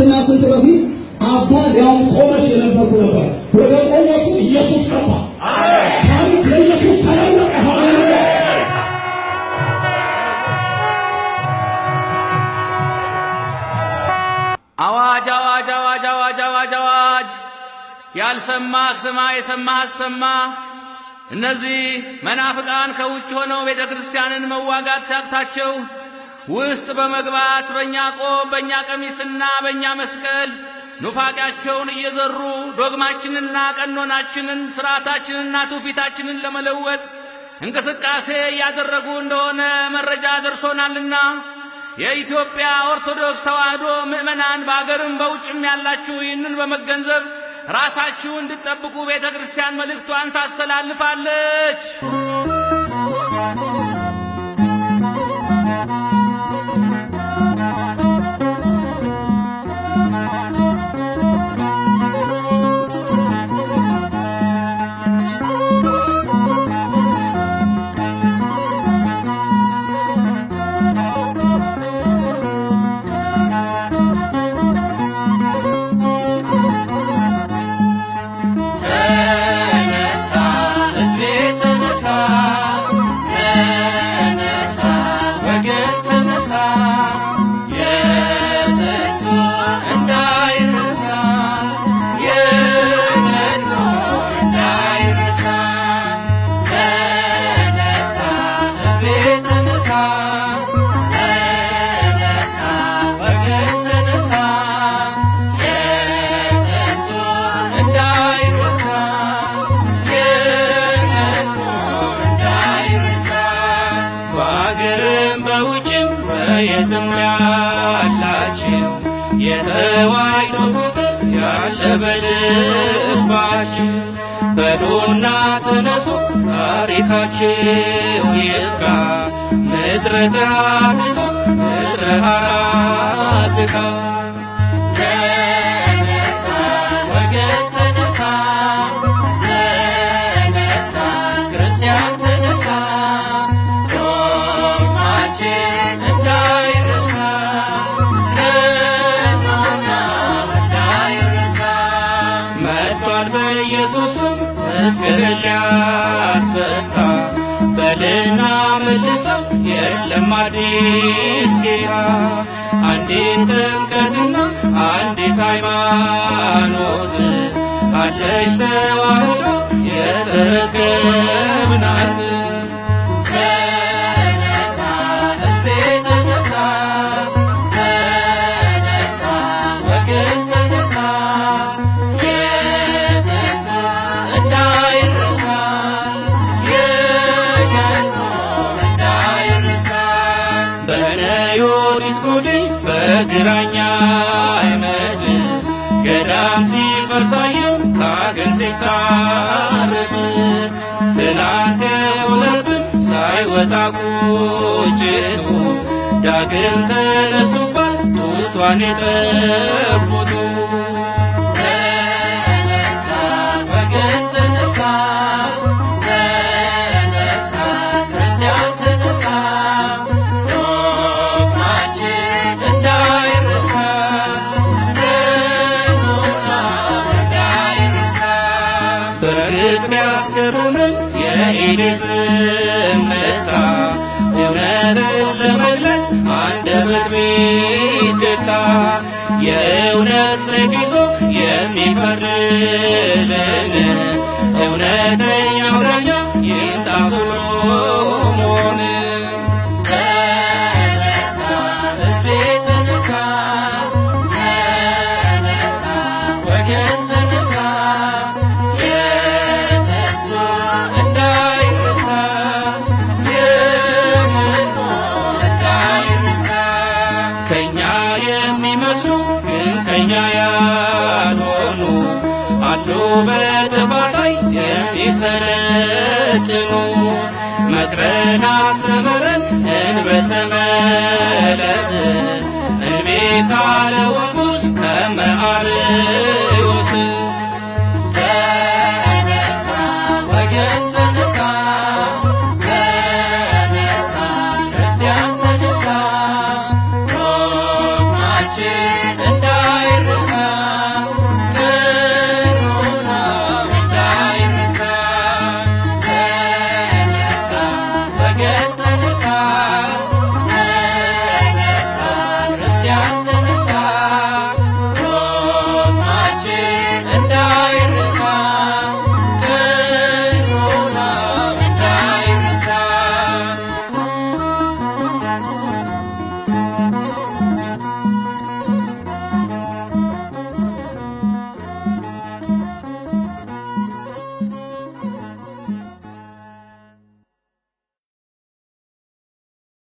ከክርስትና ስንት በፊት አባ ሊያው ቆመስ የነበርኩ ነበር። ወደ ቆመሱ ኢየሱስ ገባ። ታሪክ ለኢየሱስ ተለወጠ። ሃሌሉያ! አዋጅ አዋጅ አዋጅ አዋጅ አዋጅ አዋጅ! ያልሰማህ ስማ፣ የሰማህ አሰማ። እነዚህ መናፍቃን ከውጭ ሆነው ቤተ ክርስቲያንን መዋጋት ሲያቅታቸው ውስጥ በመግባት በእኛ ቆብ በእኛ ቀሚስና በእኛ መስቀል ኑፋቂያቸውን እየዘሩ ዶግማችንና ቀኖናችንን ሥርዓታችንና ትውፊታችንን ለመለወጥ እንቅስቃሴ እያደረጉ እንደሆነ መረጃ ደርሶናልና የኢትዮጵያ ኦርቶዶክስ ተዋሕዶ ምእመናን በአገርም በውጭም ያላችሁ ይህንን በመገንዘብ ራሳችሁ እንድትጠብቁ ቤተ ክርስቲያን መልእክቷን ታስተላልፋለች። የትም ያላችሁ የተዋሕዶ ፍቅር ያለ በልባችሁ በዱና ተነሱ ታሪካችሁ ይብቃ ምድረ ተሃድሶ ምድረ ሰው የለም አዲስ ጌታ። አንዲት ጥምቀትና አንዲት ሃይማኖት አለች ተዋህዶ የተረገ የኦሪት ጉድ በግራኛ አይመድ ገዳም ሲፈርሳየው ካገን ሲታረድ ትናንት የሆነብን ሳይወጣ ቁጭቱ ዳግም ተነሱባት ጡቷን የጠቡቱ ኃይል ዝምታ እውነትን ለመግለጥ አንደበት ሚገታ የእውነት ሰይፍ ይዞ የሚፈርድልን እውነተኛ አውራኛ እነሱ ግን ከኛ ያልሆኑ አሉ በጥፋት ላይ የሚሰለጥኑ። መክረን አስተምረን እንበተመለስ እንቤ ካለ ውጉስ ከመ Tchau.